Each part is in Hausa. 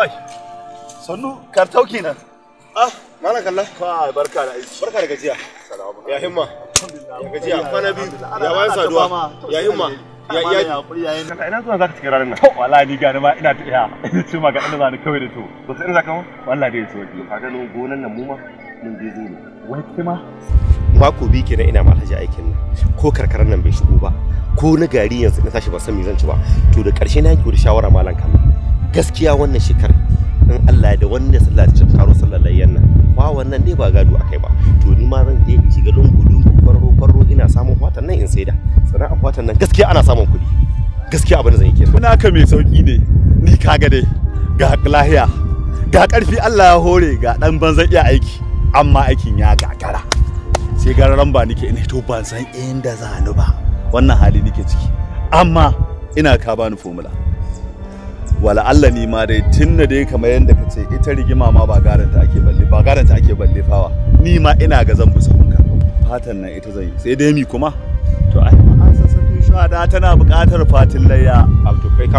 Kai, sannu kartau kenan. Ah, malam kalla. Kai, barka da aiki. Barka da gajiya. Salamu Ya himma. Ya gajiya, kwana biyu. Ya bayan saduwa. Ya himma. Ya ya ya. Kaka ina zuwa zaka cikin ranar nan. Wallahi ni gani ma ina tafiya. Ina ma ga inda zani kawai da to. Ba sai zaka mu? Wallahi dai soki. Ka ganin gonan nan mu ma mun je zo ne. Wai kima? Mako biyu kenan ina ma haji aikin nan. Ko karkarar nan bai shigo ba. Ko na gari yanzu na tashi ba san me zan ci ba. To da karshe na yanke da shawara malam kallon. gaskiya wannan shekar in Allah da wannan sallaci ta karo sallar layyan nan ba wannan dai ba gado akai ba to ni ma zan je in shiga lungu lungu kwarro kwarro ina samun fatan nan in saida sana'a fatan nan gaskiya ana samun kuɗi gaskiya abin da zan yi kenan kuna ka mai sauki ne ni kaga dai ga lahiya ga karfi Allah ya hore ga dan zan iya aiki amma aikin ya gagara sai gararan ba nake ina to ban san inda za ni ba wannan hali nake ciki amma ina ka bani formula wala Allah ni ma dai tun dai kamar yadda ka ce ita rigima ma ba garanta ake balle ba garanta ake balle fawa ni ma ina ga zan bi sahunka fatan nan ita zan yi sai dai mi kuma to ai shada tana buƙatar fatin layya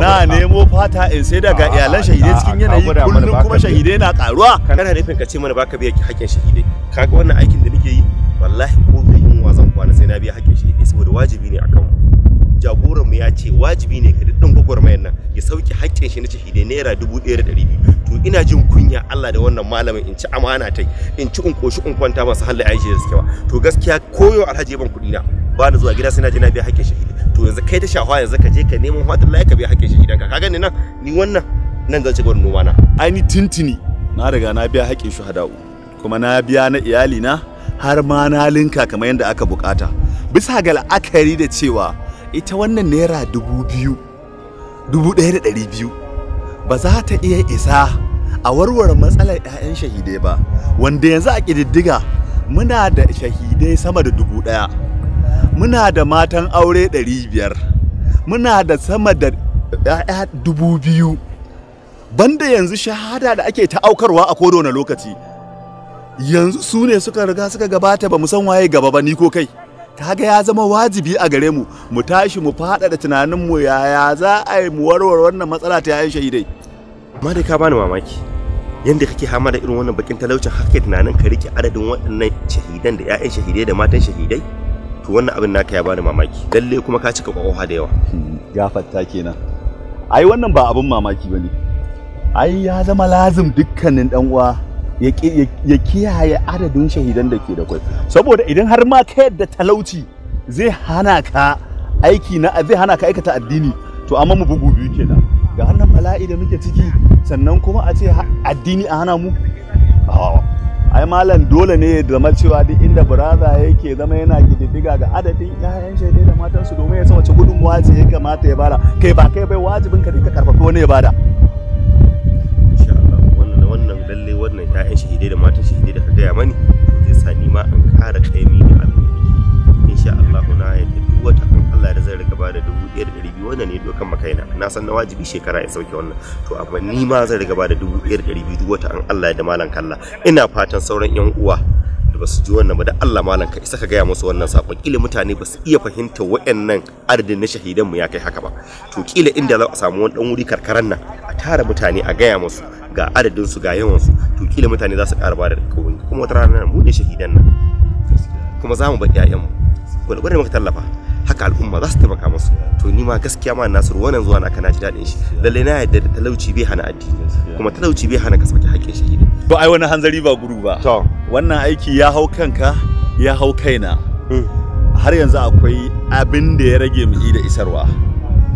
na nemo fata in sai daga iyalan shahidai cikin yanayi kullum kuma shahidai na karuwa kana nufin ka ce mana baka biya ki hakkin shahidai kaga wannan aikin da nake yi wallahi ko yi yin zan kwana sai na biya hakkin shahidai saboda wajibi ne akan mu jagoran mu ya ce wajibi ne ka dukkan gwagwarmayan nan ya sauke haƙƙin shi na shahidai naira dubu ɗaya da ɗari biyu to ina jin kunya Allah da wannan malamin in ci amana ta in ci in koshi in kwanta masu halla aiki da suke ba to gaskiya koyo alhaji ban kuɗi na ba na zuwa gida sai na je na biya haƙƙin shahidai to yanzu kai ta shafa yanzu ka je ka neman fatin lafiya ka biya haƙƙin shahidanka ka gani nan ni wannan nan zan ci gaba noma na ai tintini na riga na biya haƙƙin shuhada'u kuma na biya na iyali na har ma na linka kamar yadda aka bukata bisa ga la'akari da cewa ita wannan naira dubu biyu dubu ɗaya da ɗari biyu ba za ta iya isa a warware matsalar 'ya'yan shahidai ba wanda yanzu a ƙididdiga muna da shahidai sama da dubu ɗaya muna da matan aure ɗari biyar muna da sama da 'ya'ya dubu biyu banda yanzu shahada da ake ta aukarwa a na lokaci yanzu su ne suka riga suka gabata ba mu san waye gaba ba ni ko kai kaga ya zama wajibi a gare mu mu tashi mu tunanin tunaninmu yaya za a yi mu warware wannan matsala ta yayin shahidai amma dai ka bani mamaki yadda kake hama da irin wannan bakin talaucin haka tunanin ka rike adadin waɗannan shahidan da 'ya'yan shahidai da matan shahidai to wannan abin naka ya bani mamaki lalle kuma ka cika kwakwa da yawa hmm, fatta kenan ai wannan ba abin mamaki bane ai ya zama lazim dukkanin dan uwa ya kiyaye adadin shahidan da ke da kwai saboda idan har ma ka yadda talauci zai hana ka aiki na zai hana ka aikata addini to amma mu bugu biyu kenan ga wannan bala'i da muke ciki sannan kuma a ce addini a hana mu ai malam dole ne da zama cewa duk inda buraza yake zama yana kididdiga ga adadin 'ya'yan shaidai da matansu domin ya san wace gudunmuwa ce ya kamata ya bada kai ba kai bai wajibin ka ka karfafa wani ya bada shahide da matan shahide da ka gaya mani to zai sa ni ma in kara kaimi da abin da nake insha Allah na yadda duk wata an Allah da zai riga ba da dubu ɗaya da ɗari biyu wannan ne dokan makaina na san na wajibi shekara ya sauke wannan to amma ni ma zai riga ba da dubu ɗaya da ɗari biyu duk wata an Allah ya da malan kalla ina fatan sauran yan uwa da basu ji wannan ba da Allah malam ka isa ka gaya musu wannan sakon kila mutane ba su iya fahimta wa'annan adadin na shahidan mu ya kai haka ba to kila inda za a samu wani dan wuri karkaran nan tara mutane a gaya musu ga adadin su ga yawan su to kila mutane za su ƙara ba da kowanne kuma wata rana mu ne shahidan nan kuma za mu ba iyayenmu gwalgwar muka tallafa haka al'umma za su taimaka musu to ni ma gaskiya ma nasiru wannan zuwa naka na ji daɗin shi lallai na yadda da talauci bai hana addini kuma talauci bai hana ka sauke haƙƙin shahidi to ai wani hanzari ba guru ba to wannan aiki ya hau kanka ya hau kaina hmm. har yanzu akwai abin da ya rage mu da isarwa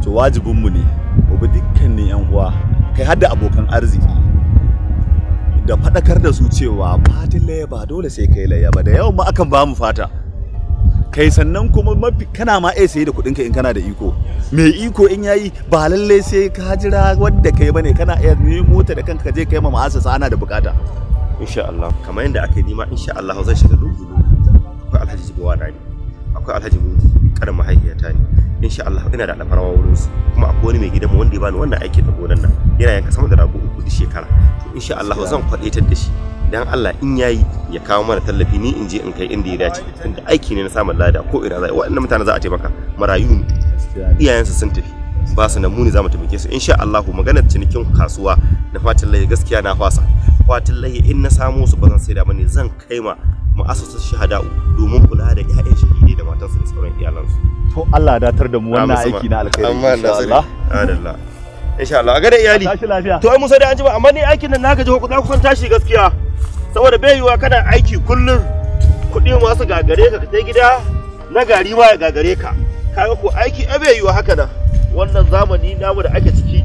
to wajibinmu ne mu bi dukkanin yan uwa kai har da abokan arziki da faɗakar da su cewa fatin laye ba dole sai kai laye ba da yawan ma akan ba mu fata kai sannan kuma mafi kana ma iya sayi da ka in kana da iko mai iko in yayi ba lallai sai ka jira wanda kai bane kana iya nemo ta da kanka je kai ma ma'asa ana da bukata insha Allah kamar yadda aka yi nima insha Allah zan shiga lungu akwai alhaji jibawa rani akwai alhaji insha Allah ina da alfarawa wurin su kuma akwai wani mai gidan mu wanda ya bani wannan aikin da gonan nan yana yanka sama da rago uku shekara to insha Allah zan kwadaitar da shi dan Allah in yayi ya kawo mana tallafi ni in je in kai inda ya dace inda aiki ne na samun lada ko ina za waɗannan mutane za a taimaka marayu iyayensu sun tafi ba su na muni za mu taimake su insha Allah maganar cinikin kasuwa na fatin gaskiya na fasa fatin in na samo su ba zan saida bane zan kai ma ma'asasar shahada'u domin kula da 'ya'yan ne da matansu da sauran iyalansu to Allah datar da mu wannan aiki na alkhairi amma Allah Allah insha Allah ga da iyali lafiya to ai Musa dai an ji ba amma ni aikin nan naka ji ku za ku san tashi gaskiya saboda bai yiwa kana aiki kullun kuɗi su gagare ka ka ta gida na gari ma ya gagare ka kaga ko aiki a bai yiwa haka nan wannan zamani namu da ake ciki